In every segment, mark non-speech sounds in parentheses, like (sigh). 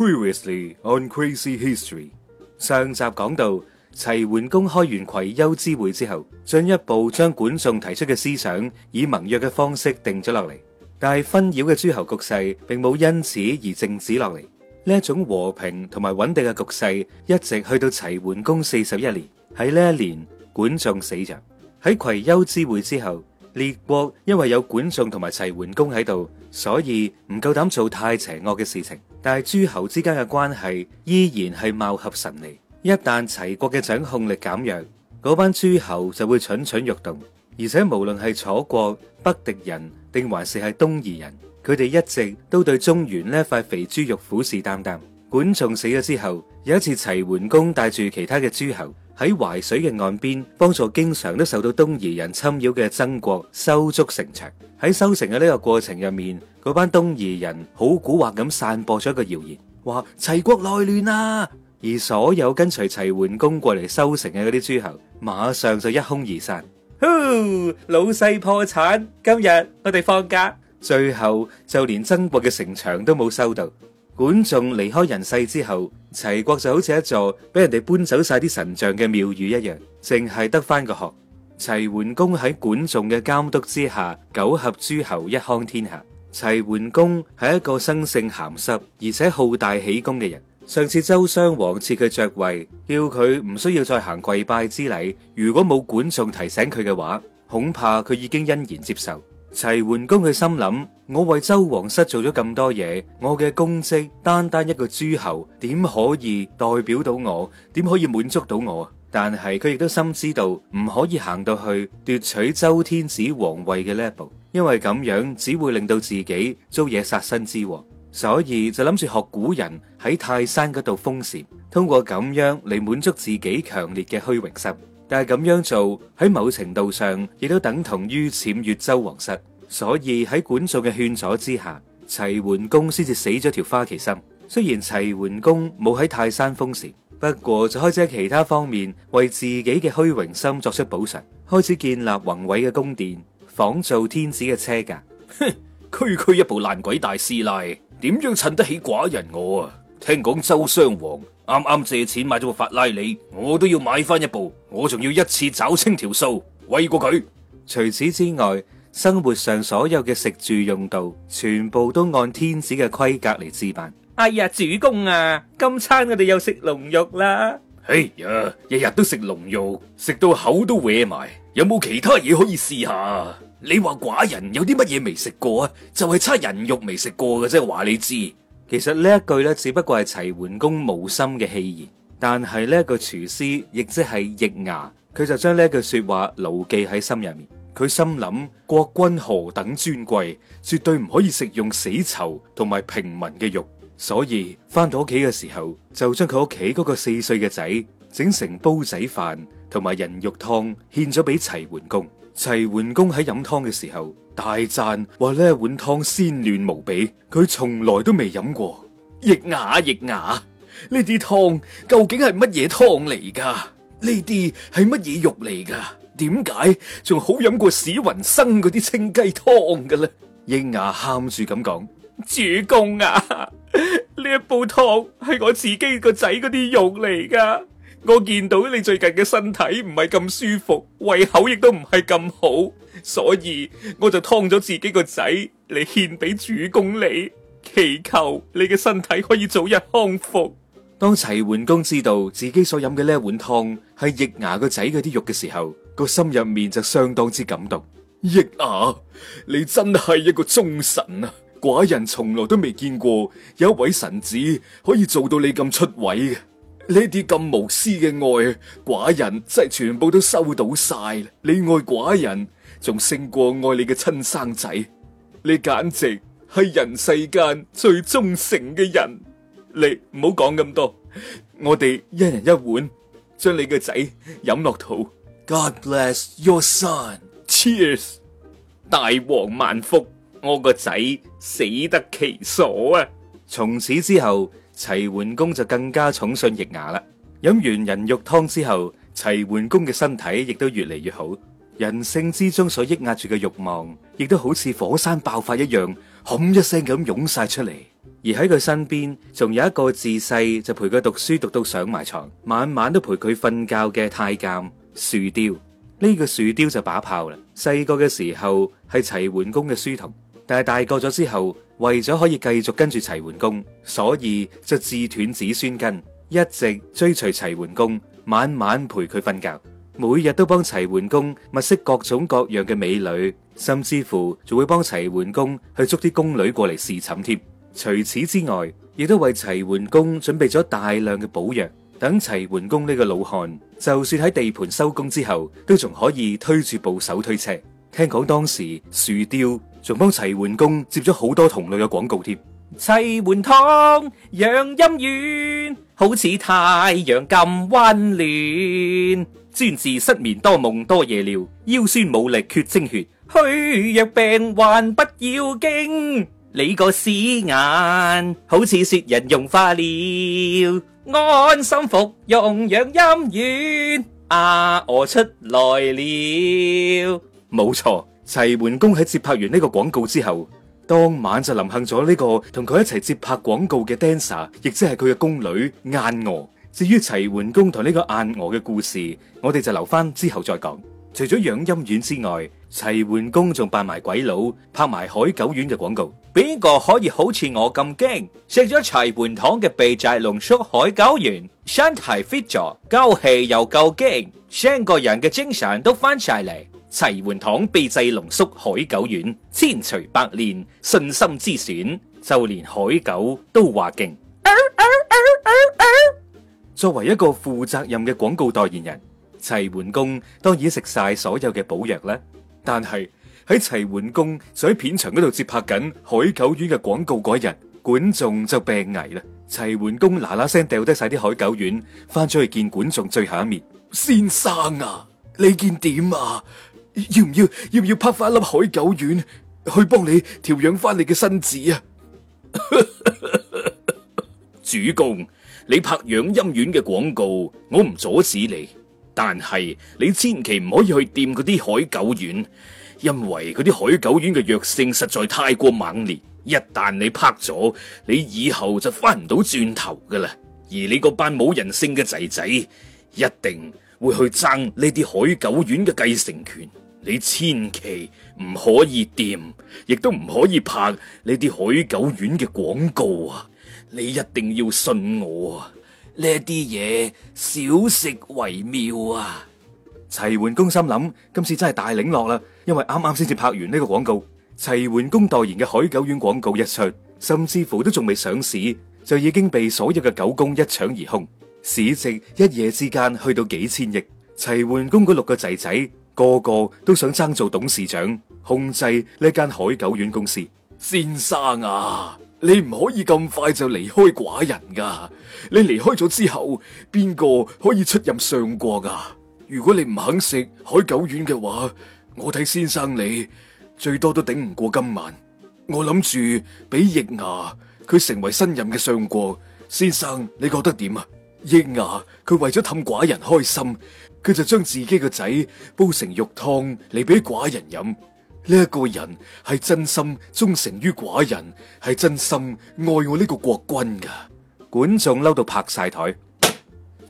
Previously on Crazy History，上集講到齊桓公開完葵丘之會之後，進一步將管仲提出嘅思想以盟約嘅方式定咗落嚟。但係紛擾嘅諸侯局勢並冇因此而靜止落嚟，呢一種和平同埋穩定嘅局勢一直去到齊桓公四十一年。喺呢一年，管仲死咗；喺葵丘之會之後。列國因為有管仲同埋齊桓公喺度，所以唔夠膽做太邪惡嘅事情。但係諸侯之間嘅關係依然係貌合神離。一旦齊國嘅掌控力減弱，嗰班諸侯就會蠢蠢欲動。而且無論係楚國、北狄人，定還是係東夷人，佢哋一直都對中原呢一塊肥豬肉虎視眈眈。管仲死咗之後，有一次齊桓公帶住其他嘅諸侯。喺淮水嘅岸邊，幫助經常都受到東夷人侵擾嘅曾國修築城牆。喺修城嘅呢個過程入面，嗰班東夷人好蠱惑咁散播咗一個謠言，話齊國內亂啦。而所有跟隨齊桓公過嚟修城嘅嗰啲諸侯，馬上就一哄而散。呼，老細破產，今日我哋放假。最後就連曾國嘅城牆都冇修到。管仲離開人世之後，齊國就好似一座俾人哋搬走晒啲神像嘅廟宇一樣，淨係得翻個殼。齊桓公喺管仲嘅監督之下，九合諸侯，一匡天下。齊桓公係一個生性鹹濕，而且好大喜功嘅人。上次周襄王賜佢爵位，叫佢唔需要再行跪拜之禮。如果冇管仲提醒佢嘅話，恐怕佢已經欣然接受。齊桓公嘅心諗。我為周王室做咗咁多嘢，我嘅功績單單一個諸侯點可以代表到我？點可以滿足到我？但係佢亦都深知道唔可以行到去奪取周天子皇位嘅呢一步，因為咁樣只會令到自己遭嘢殺身之禍。所以就諗住學古人喺泰山嗰度封禪，通過咁樣嚟，滿足自己強烈嘅虛榮心。但係咁樣做喺某程度上亦都等同於僭越周王室。所以喺管仲嘅勸阻之下，齊桓公先至死咗條花旗心。雖然齊桓公冇喺泰山封禪，不過就開始喺其他方面為自己嘅虛榮心作出補償，開始建立宏偉嘅宮殿，仿造天子嘅車駕。哼， (laughs) 區區一部爛鬼大師奶，點樣襯得起寡人我啊？聽講周襄王啱啱借錢買咗個法拉利，我都要買翻一部，我仲要一次找清條數，威過佢。除此之外。生活上所有嘅食住用度，全部都按天子嘅規格嚟置辦。哎呀，主公啊，今餐我哋又食龍肉啦！哎呀，日日都食龍肉，食到口都歪埋。有冇其他嘢可以試下？你話寡人有啲乜嘢未食過啊？就係、是、差人肉未食過嘅啫，話你知。其實呢一句呢，只不過係齊桓公無心嘅戲言。但係呢個廚師亦即係易牙，佢就將呢一句說話牢記喺心入面。佢心諗國君何等尊貴，絕對唔可以食用死囚同埋平民嘅肉，所以翻到屋企嘅時候，就將佢屋企嗰個四歲嘅仔整成煲仔飯同埋人肉湯，獻咗俾齊桓公。齊桓公喺飲湯嘅時候，大讚話呢碗湯鮮嫩無比，佢從來都未飲過，易牙易牙，呢啲湯究竟係乜嘢湯嚟噶？呢啲係乜嘢肉嚟噶？點解仲好飲過史雲生嗰啲清雞湯噶咧？易牙喊住咁講：主公啊，呢一煲湯係我自己個仔嗰啲肉嚟噶。我見到你最近嘅身體唔係咁舒服，胃口亦都唔係咁好，所以我就劏咗自己個仔嚟獻俾主公你，祈求你嘅身體可以早日康復。當齊桓公知道自己所飲嘅呢一碗湯係易牙個仔嗰啲肉嘅時候，個心入面就相當之感動。易牙，你真係一個忠臣啊！寡人從來都未見過有一位臣子可以做到你咁出位嘅。呢啲咁無私嘅愛，寡人真係全部都收到晒。你愛寡人仲勝過愛你嘅親生仔，你簡直係人世間最忠誠嘅人。你唔好講咁多，我哋一人一碗，將你嘅仔飲落肚。God bless your son. Cheers，大王萬福，我個仔死得其所啊！從此之後，齊桓公就更加寵信易牙啦。飲完人肉湯之後，齊桓公嘅身體亦都越嚟越好，人性之中所抑壓住嘅慾望，亦都好似火山爆發一樣，轟一聲咁湧晒出嚟。而喺佢身邊，仲有一個自細就陪佢讀書，讀到上埋床，晚晚都陪佢瞓覺嘅太監。樹雕呢個樹雕就把炮啦。細個嘅時候係齊桓公嘅書童，但係大個咗之後，為咗可以繼續跟住齊桓公，所以就自斷子孫根，一直追隨齊桓公，晚晚陪佢瞓覺，每日都幫齊桓公物色各種各樣嘅美女，甚至乎仲會幫齊桓公去捉啲宮女過嚟侍寢添。除此之外，亦都為齊桓公準備咗大量嘅補藥。等齊桓公呢個老漢，就算喺地盤收工之後，都仲可以推住部手推車。聽講當時樹雕仲幫齊桓公接咗好多同類嘅廣告添。齊桓湯養陰丸，好似太陽咁溫暖。專治失眠多夢多夜尿，腰酸冇力缺精血，虛弱病患不要驚。你個屎眼好似雪人融化了。安心服，用養陰丸。阿、啊、娥出來了，冇錯。齊桓公喺接拍完呢個廣告之後，當晚就臨幸咗呢、這個同佢一齊接拍廣告嘅 Dancer，亦即係佢嘅宮女晏娥。至於齊桓公同呢個晏娥嘅故事，我哋就留翻之後再講。除咗養陰丸之外，齊桓公仲扮埋鬼佬，拍埋海狗丸嘅廣告，邊個可以好似我咁驚？食咗齊桓堂嘅秘製濃縮海狗丸，身體 fit 咗，膠氣又夠勁，成個人嘅精神都翻晒嚟。齊桓堂秘製濃縮海狗丸，千錘百煉，信心之選，就連海狗都話勁。啊啊啊啊、作為一個負責任嘅廣告代言人，齊桓公當然食晒所有嘅補藥啦。但係喺齊桓公就喺片場嗰度接拍緊海狗丸嘅廣告嗰日，管仲就病危啦。齊桓公嗱嗱聲掉低晒啲海狗丸，翻咗去見管仲最後一面。先生啊，你見點啊？要唔要要唔要拍翻粒海狗丸去幫你調養翻你嘅身子啊？ (laughs) 主公，你拍養陰丸嘅廣告，我唔阻止你。但係你千祈唔可以去掂嗰啲海狗丸，因為嗰啲海狗丸嘅藥性實在太過猛烈，一旦你拍咗，你以後就翻唔到轉頭噶啦。而你嗰班冇人性嘅仔仔，一定會去爭呢啲海狗丸嘅繼承權。你千祈唔可以掂，亦都唔可以拍呢啲海狗丸嘅廣告啊！你一定要信我啊！呢啲嘢少食為妙啊！齊桓公心諗，今次真係大領落啦，因為啱啱先至拍完呢個廣告，齊桓公代言嘅海狗丸廣告一出，甚至乎都仲未上市就已經被所有嘅狗公一搶而空，市值一夜之間去到幾千億。齊桓公嗰六個仔仔個個都想爭做董事長，控制呢間海狗丸公司。先生啊！你唔可以咁快就離開寡人噶你離開咗之後，邊個可以出任相國噶如果你唔肯食海狗丸嘅話，我睇先生你最多都頂唔過今晚。我諗住俾易牙佢成為新任嘅相國，先生你覺得點啊？易牙佢為咗氹寡人開心，佢就將自己個仔煲成肉湯嚟俾寡人飲。呢一個人係真心忠誠於寡人，係真心愛我呢個國君噶。管仲嬲到拍晒枱，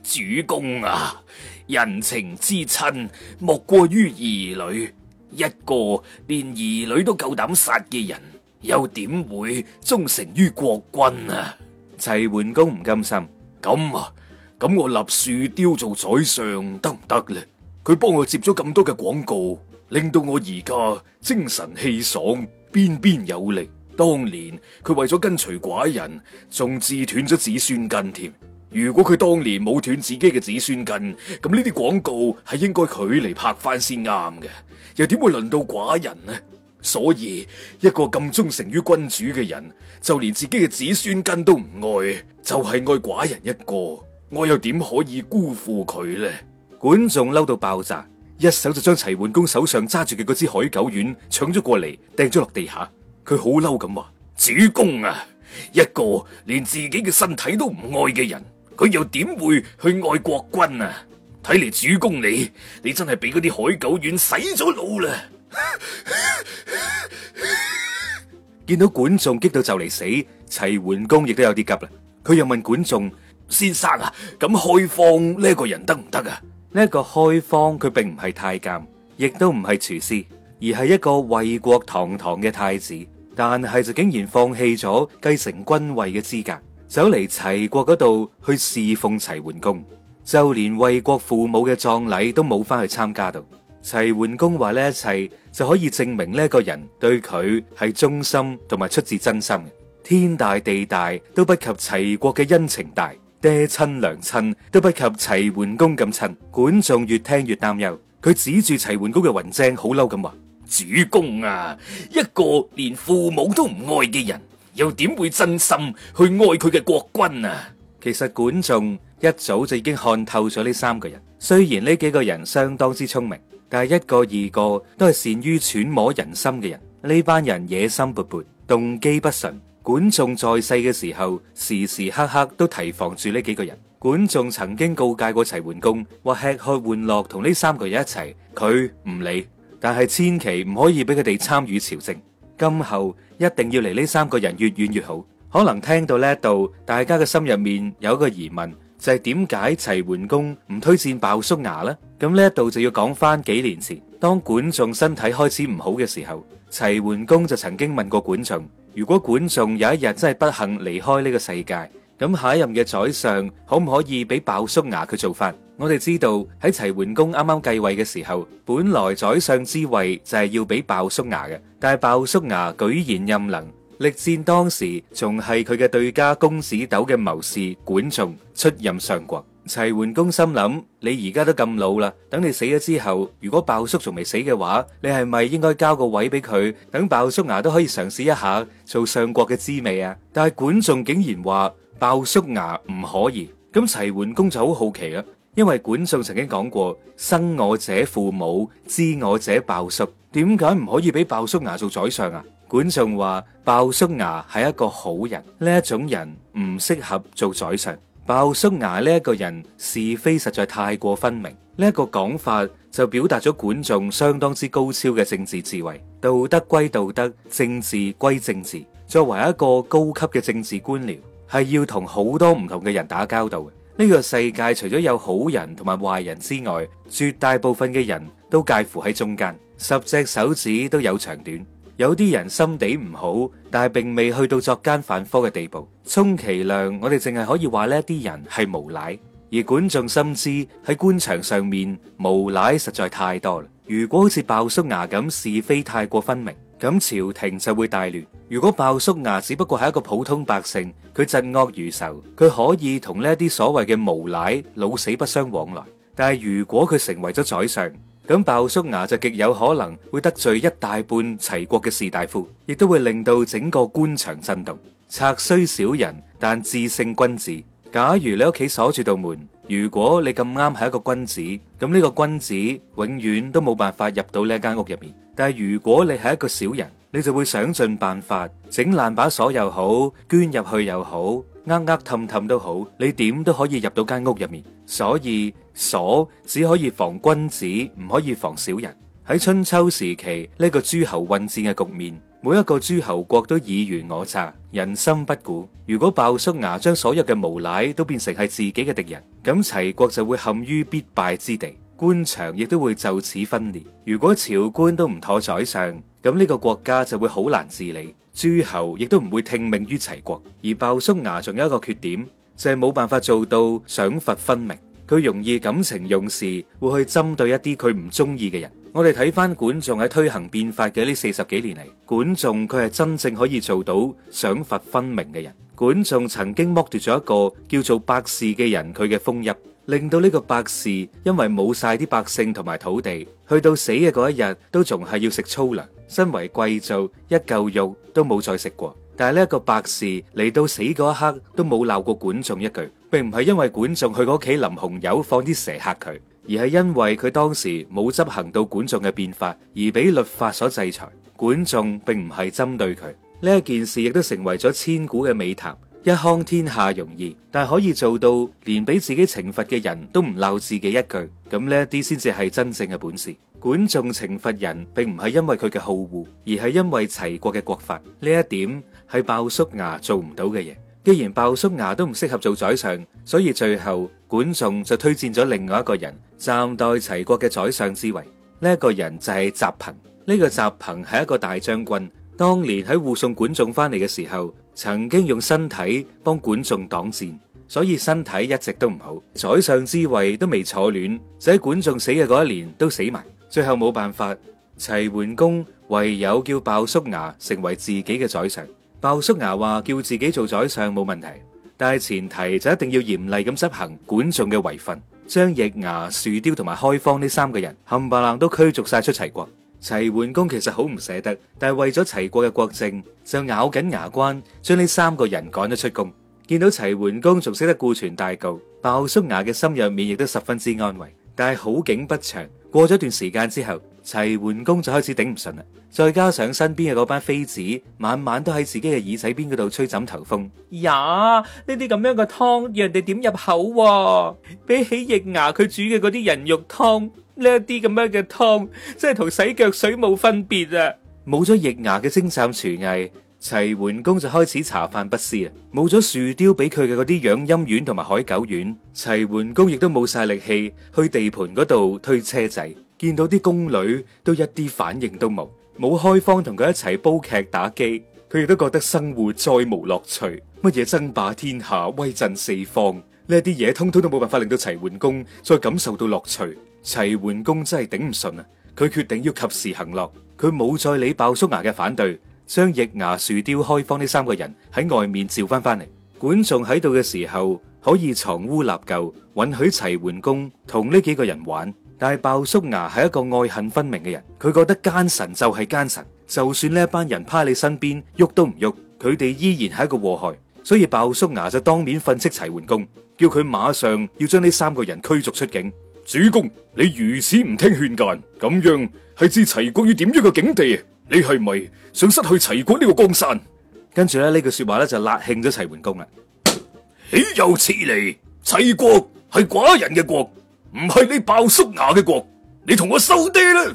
主公啊，人情之親莫過於兒女，一個連兒女都夠膽殺嘅人，又點會忠誠於國君啊？齊桓公唔甘心，咁啊，咁我立豎刁做宰相得唔得咧？佢幫我接咗咁多嘅廣告。令到我而家精神氣爽，邊邊有力。當年佢為咗跟隨寡人，仲自斷咗子孫根添。如果佢當年冇斷自己嘅子孫根，咁呢啲廣告係應該佢嚟拍翻先啱嘅，又點會輪到寡人呢？所以一個咁忠誠於君主嘅人，就連自己嘅子孫根都唔愛，就係愛寡人一個。我又點可以辜負佢呢？管仲嬲到爆炸。一手就將齊桓公手上揸住嘅嗰支海狗丸搶咗過嚟，掟咗落地下。佢好嬲咁話：主公啊，一個連自己嘅身體都唔愛嘅人，佢又點會去愛國君啊？睇嚟主公你，你真係俾嗰啲海狗丸洗咗腦啦！ (laughs) 見到管仲激到就嚟死，齊桓公亦都有啲急啦。佢又問管仲先生啊：咁開放呢個人得唔得啊？呢一個開方佢並唔係太監，亦都唔係廚師，而係一個衛國堂堂嘅太子。但係就竟然放棄咗繼承君位嘅資格，走嚟齊國嗰度去侍奉齊桓公，就連衛國父母嘅葬禮都冇翻去參加到。齊桓公話呢一切就可以證明呢一個人對佢係忠心同埋出自真心嘅。天大地大，都不及齊國嘅恩情大。爹親娘親都不及齊桓公咁親，管仲越聽越擔憂。佢指住齊桓公嘅雲章好嬲，咁話：主公啊，一個連父母都唔愛嘅人，又點會真心去愛佢嘅國君啊？其實管仲一早就已經看透咗呢三個人。雖然呢幾個人相當之聰明，但係一個二個都係善於揣摩人心嘅人。呢班人野心勃勃，動機不純。管仲在世嘅時候，時時刻刻都提防住呢幾個人。管仲曾經告誡過齊桓公，話吃喝玩樂同呢三個人一齊，佢唔理，但係千祈唔可以俾佢哋參與朝政。今後一定要離呢三個人越遠越好。可能聽到呢一度，大家嘅心入面有一個疑問，就係點解齊桓公唔推薦鮑叔牙呢？咁呢一度就要講翻幾年前，當管仲身體開始唔好嘅時候，齊桓公就曾經問過管仲。如果管仲有一日真係不幸離開呢個世界，咁下一任嘅宰相可唔可以俾鮑叔牙佢做法？我哋知道喺齊桓公啱啱繼位嘅時候，本來宰相之位就係要俾鮑叔牙嘅，但係鮑叔牙舉賢任能，力戰當時，仲係佢嘅對家公子鬥嘅謀士管仲出任相國。齊桓公心諗：你而家都咁老啦，等你死咗之後，如果鮑叔仲未死嘅話，你係咪應該交個位俾佢，等鮑叔牙都可以嘗試一下做上國嘅滋味啊？但係管仲竟然話鮑叔牙唔可以，咁齊桓公就好好奇啦，因為管仲曾經講過：生我者父母，知我者鮑叔。點解唔可以俾鮑叔牙做宰相啊？管仲話：鮑叔牙係一個好人，呢一種人唔適合做宰相。鮑叔牙呢一個人是非實在太過分明，呢一個講法就表達咗管仲相當之高超嘅政治智慧。道德歸道德，政治歸政治。作為一個高級嘅政治官僚，係要同好多唔同嘅人打交道嘅。呢個世界除咗有好人同埋壞人之外，絕大部分嘅人都介乎喺中間，十隻手指都有長短。有啲人心地唔好，但係並未去到作奸犯科嘅地步，充其量我哋淨係可以話呢啲人係無賴。而管仲深知喺官場上面無賴實在太多啦。如果好似鮑叔牙咁是非太過分明，咁朝廷就會大亂。如果鮑叔牙只不過係一個普通百姓，佢疾惡如仇，佢可以同呢啲所謂嘅無賴老死不相往來。但係如果佢成為咗宰相，咁鮑叔牙就極有可能會得罪一大半齊國嘅士大夫，亦都會令到整個官場震動。賊雖小人，但智勝君子。假如你屋企鎖住道門，如果你咁啱係一個君子，咁呢個君子永遠都冇辦法入到呢一間屋入面。但係如果你係一個小人，你就會想盡辦法整爛把鎖又好，捐入去又好，呃呃氹氹都好，你點都可以入到間屋入面。所以。鎖只可以防君子，唔可以防小人。喺春秋時期呢個諸侯混戰嘅局面，每一個諸侯國都爾虞我詐，人心不古。如果鮑叔牙將所有嘅無賴都變成係自己嘅敵人，咁齊國就會陷於必敗之地，官場亦都會就此分裂。如果朝官都唔妥宰相，咁呢個國家就會好難治理，諸侯亦都唔會聽命於齊國。而鮑叔牙仲有一個缺點，就係冇辦法做到賞罰分明。佢容易感情用事，會去針對一啲佢唔中意嘅人。我哋睇翻管仲喺推行變法嘅呢四十幾年嚟，管仲佢係真正可以做到賞罰分明嘅人。管仲曾經剝奪咗一個叫做伯氏嘅人佢嘅封邑，令到呢個伯氏因為冇晒啲百姓同埋土地，去到死嘅嗰一日都仲係要食粗糧。身為貴族，一嚿肉都冇再食過。但係呢一個伯氏嚟到死嗰一刻都冇鬧過管仲一句。並唔係因為管仲去佢屋企淋紅油放啲蛇吓佢，而係因為佢當時冇執行到管仲嘅變法，而俾律法所制裁。管仲並唔係針對佢呢一件事，亦都成為咗千古嘅美談。一匡天下容易，但可以做到連俾自己懲罰嘅人都唔鬧自己一句，咁呢啲先至係真正嘅本事。管仲懲罰人，並唔係因為佢嘅好惡，而係因為齊國嘅國法。呢一點係鮑叔牙做唔到嘅嘢。既然鮑叔牙都唔適合做宰相，所以最後管仲就推薦咗另外一個人暫代齊國嘅宰相之位。呢、這、一個人就係隰朋。呢、這個隰朋係一個大將軍，當年喺護送管仲翻嚟嘅時候，曾經用身體幫管仲擋箭，所以身體一直都唔好。宰相之位都未坐暖，就喺管仲死嘅嗰一年都死埋。最後冇辦法，齊桓公唯有叫鮑叔牙成為自己嘅宰相。鮑叔牙話叫自己做宰相冇問題，但係前提就一定要嚴厲咁執行管仲嘅遺訓，將易牙、豎刁同埋開方呢三個人冚唪唥都驅逐晒出齊國。齊桓公其實好唔捨得，但係為咗齊國嘅國政，就咬緊牙關將呢三個人趕咗出宮。見到齊桓公仲識得顧全大局，鮑叔牙嘅心入面亦都十分之安慰。但係好景不長。過咗段時間之後，齊桓公就開始頂唔順啦。再加上身邊嘅嗰班妃子，晚晚都喺自己嘅耳仔邊嗰度吹枕頭風。呀，呢啲咁樣嘅湯，要人哋點入口啊？比起易牙佢煮嘅嗰啲人肉湯，呢一啲咁樣嘅湯，真係同洗腳水冇分別啊！冇咗易牙嘅精湛廚藝。齊桓公就開始茶飯不思啊！冇咗樹雕俾佢嘅嗰啲養陰丸同埋海狗丸，齊桓公亦都冇晒力氣去地盤嗰度推車仔，見到啲宮女都一啲反應都冇，冇開方同佢一齊煲劇打機，佢亦都覺得生活再無樂趣。乜嘢爭霸天下、威震四方呢啲嘢，通通都冇辦法令到齊桓公再感受到樂趣。齊桓公真係頂唔順啊！佢決定要及時行樂，佢冇再理鮑叔牙嘅反對。將易牙豎刁開方呢三個人喺外面召翻翻嚟。管仲喺度嘅時候可以藏污納垢，允許齊桓公同呢幾個人玩。但係鮑叔牙係一個愛恨分明嘅人，佢覺得奸臣就係奸臣，就算呢一班人趴喺你身邊喐都唔喐，佢哋依然係一個禍害。所以鮑叔牙就當面訓斥齊桓公，叫佢馬上要將呢三個人驅逐出境。主公，你如此唔聽勸諫，咁樣係置齊國要點樣嘅境地？你係咪想失去齊國呢個江山？跟住咧呢句說話咧就勒慶咗齊桓公啦。豈有此理！齊國係寡人嘅國，唔係你鮑叔牙嘅國。你同我收爹啦！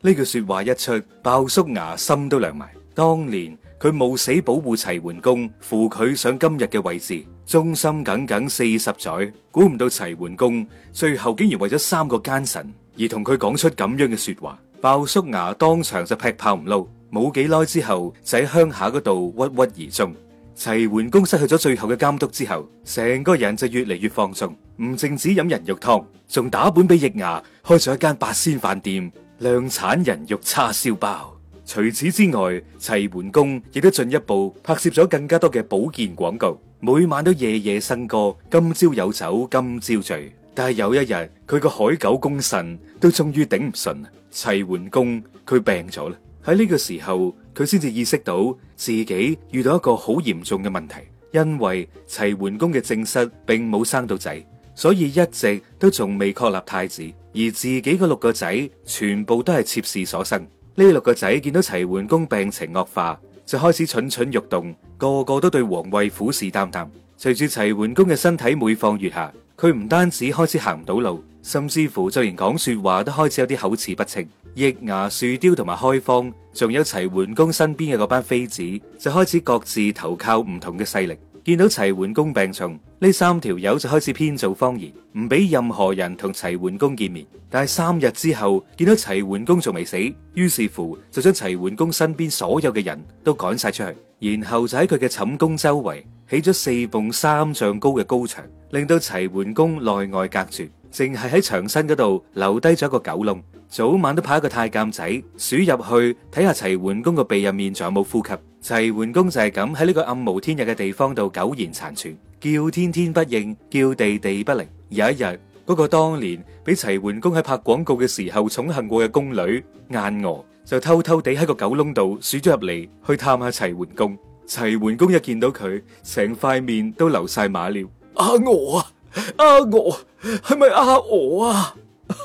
呢句說話一出，鮑叔牙心都涼埋。當年佢冒死保護齊桓公，扶佢上今日嘅位置，忠心耿耿四十載。估唔到齊桓公最後竟然為咗三個奸臣而同佢講出咁樣嘅說話。鮑叔牙當場就劈炮唔撈，冇幾耐之後就喺鄉下嗰度鬱郁而終。齊桓公失去咗最後嘅監督之後，成個人就越嚟越放鬆，唔淨止飲人肉湯，仲打本俾易牙，開咗一間八仙飯店，量產人肉叉燒包。除此之外，齊桓公亦都進一步拍攝咗更加多嘅保健廣告，每晚都夜夜笙歌，今朝有酒今朝醉。但係有一日，佢個海狗功臣都終於頂唔順，齊桓公佢病咗啦。喺呢個時候，佢先至意識到自己遇到一個好嚴重嘅問題，因為齊桓公嘅正室並冇生到仔，所以一直都仲未確立太子，而自己嘅六個仔全部都係妾侍所生。呢六個仔見到齊桓公病情惡化，就開始蠢蠢欲動，個個都對皇位虎視眈眈。隨住齊桓公嘅身體每況愈下。佢唔單止開始行唔到路，甚至乎就連講說話都開始有啲口齒不清。易牙、豎刁同埋開方，仲有齊桓公身邊嘅嗰班妃子，就開始各自投靠唔同嘅勢力。見到齊桓公病重，呢三條友就開始編造謊言，唔俾任何人同齊桓公見面。但係三日之後，見到齊桓公仲未死，於是乎就將齊桓公身邊所有嘅人都趕晒出去，然後就喺佢嘅寢宮周圍。起咗四棟三丈高嘅高牆，令到齊桓公內外隔絕，淨係喺牆身嗰度留低咗一個狗窿，早晚都派一個太監仔鼠入去睇下齊桓公個鼻入面仲有冇呼吸。齊桓公就係咁喺呢個暗無天日嘅地方度苟延殘存，叫天天不應，叫地地不靈。有一日，嗰、嗰個當年俾齊桓公喺拍廣告嘅時候寵幸過嘅宮女晏娥，就偷偷地喺個狗窿度鼠咗入嚟去探下齊桓公。齊桓公一見到佢，成塊面都流晒馬尿。阿娥啊，阿娥，係咪阿娥啊？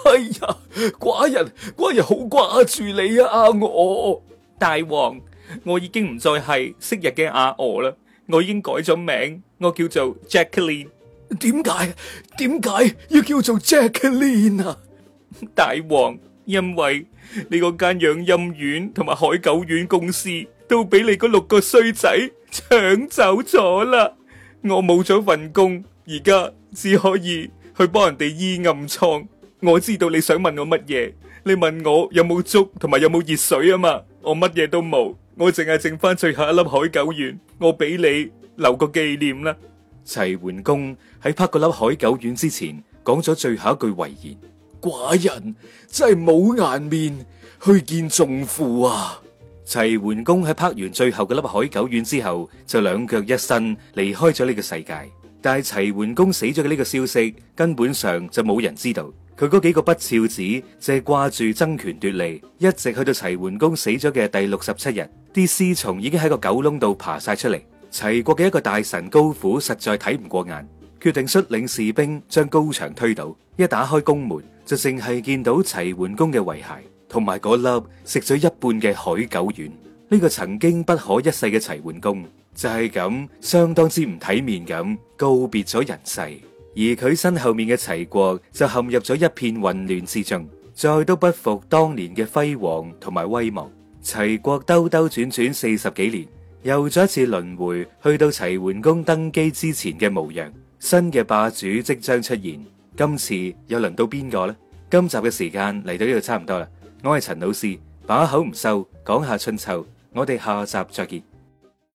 哎呀，寡人寡人好掛住你啊，阿娥！大王，我已經唔再係昔日嘅阿娥啦，我已經改咗名，我叫做 Jackline。點解？點解要叫做 Jackline 啊？大王，因為你個間養陰院同埋海狗丸公司，都俾你嗰六個衰仔搶走咗啦！我冇咗份工，而家只可以去幫人哋醫暗瘡。我知道你想問我乜嘢，你問我有冇粥同埋有冇熱水啊嘛？我乜嘢都冇，我淨係剩翻最後一粒海狗丸，我俾你留個紀念啦。齊桓公喺拍嗰粒海狗丸之前，講咗最後一句遺言，寡人真係冇顏面去見仲父啊！齊桓公喺拍完最後嘅粒海狗丸之後，就兩腳一伸離開咗呢個世界。但係齊桓公死咗嘅呢個消息，根本上就冇人知道。佢嗰幾個不肖子淨係掛住爭權奪利，一直去到齊桓公死咗嘅第六十七日，啲屍蟲已經喺個狗窿度爬晒出嚟。齊國嘅一個大臣高虎實在睇唔過眼，決定率領士兵將高牆推倒。一打開宮門，就淨係見到齊桓公嘅遺骸。同埋嗰粒食咗一半嘅海狗丸，呢個曾經不可一世嘅齊桓公就係咁相當之唔體面咁告別咗人世，而佢身後面嘅齊國就陷入咗一片混亂之中，再都不復當年嘅輝煌同埋威望。齊國兜兜轉轉四十幾年，又再一次輪回，去到齊桓公登基之前嘅模樣，新嘅霸主即將出現，今次又輪到邊個咧？今集嘅時間嚟到呢度差唔多啦。我係陳老師，把口唔收，講下春秋，我哋下集再見。